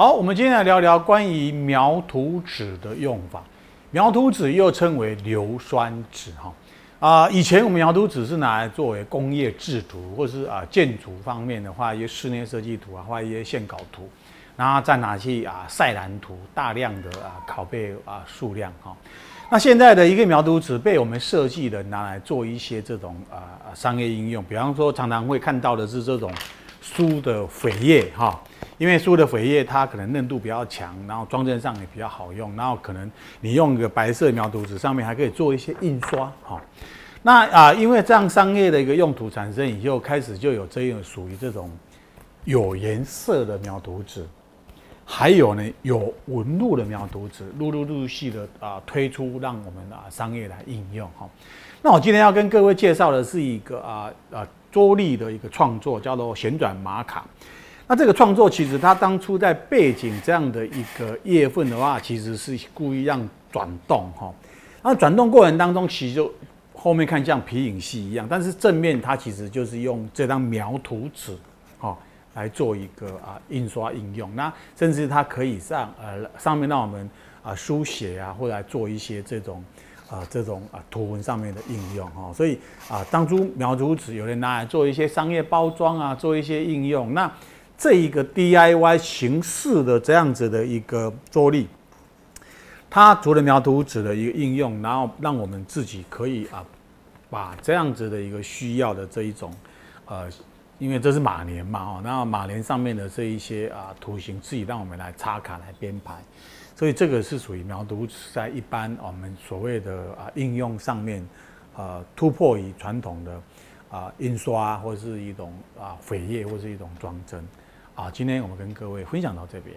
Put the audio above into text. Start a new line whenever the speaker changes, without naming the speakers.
好，我們今天來聊聊關於描圖紙的用法。描圖紙又稱為硫酸紙，哈、呃、啊，以前我們描圖紙是拿來作為工業製圖或是啊、呃、建築方面的畫一些室內設計圖啊，畫一些線稿圖，然後再拿去啊曬藍圖，大量的啊、呃、拷貝啊數量哈、呃。那現在的一個描圖紙被我們設計的拿來做一些這種啊、呃、商業應用，比方說常常會看到的是這種。書的扉頁，哈，因為書的扉頁它可能韌度比較強，然後裝幀上也比較好用，然後可能你用一個白色描圖紙上面還可以做一些印刷哈。那啊、呃，因為這樣商業的一個用途產生，以後就開始就有這樣屬於這種有顏色的描圖紙，還有呢有紋路的描圖紙，陸陸續續的啊、呃、推出，讓我們啊商業來應用哈。那我今天要跟各位介紹的是一個啊啊。呃呃拙力的一個創作叫做旋轉瑪卡，那這個創作其實它當初在背景這樣的一個月份的話，其實是故意讓轉動哈，然後轉動過程當中其實就後面看像皮影戲一樣，但是正面它其實就是用這張描圖紙哈來做一個啊印刷應用，那甚至它可以上呃上面讓我們書啊書寫啊或者來做一些這種。啊，這種啊，圖文上面的應用，哈，所以啊，當初描圖紙有人拿來做一些商業包裝啊，做一些應用。那這一個 DIY 形式的這樣子的一個作例，它除了描圖紙的一個應用，然後讓我們自己可以啊，把這樣子的一個需要的這一種，呃。因為這是馬年嘛，哦，那馬年上面的這一些啊圖形，自己讓我們來插卡來編排，所以這個是屬於描圖在一般我們所謂的啊應用上面，呃突破於傳統的啊印刷或是一種啊扉頁或是一種裝幀，啊今天我們跟各位分享到這邊。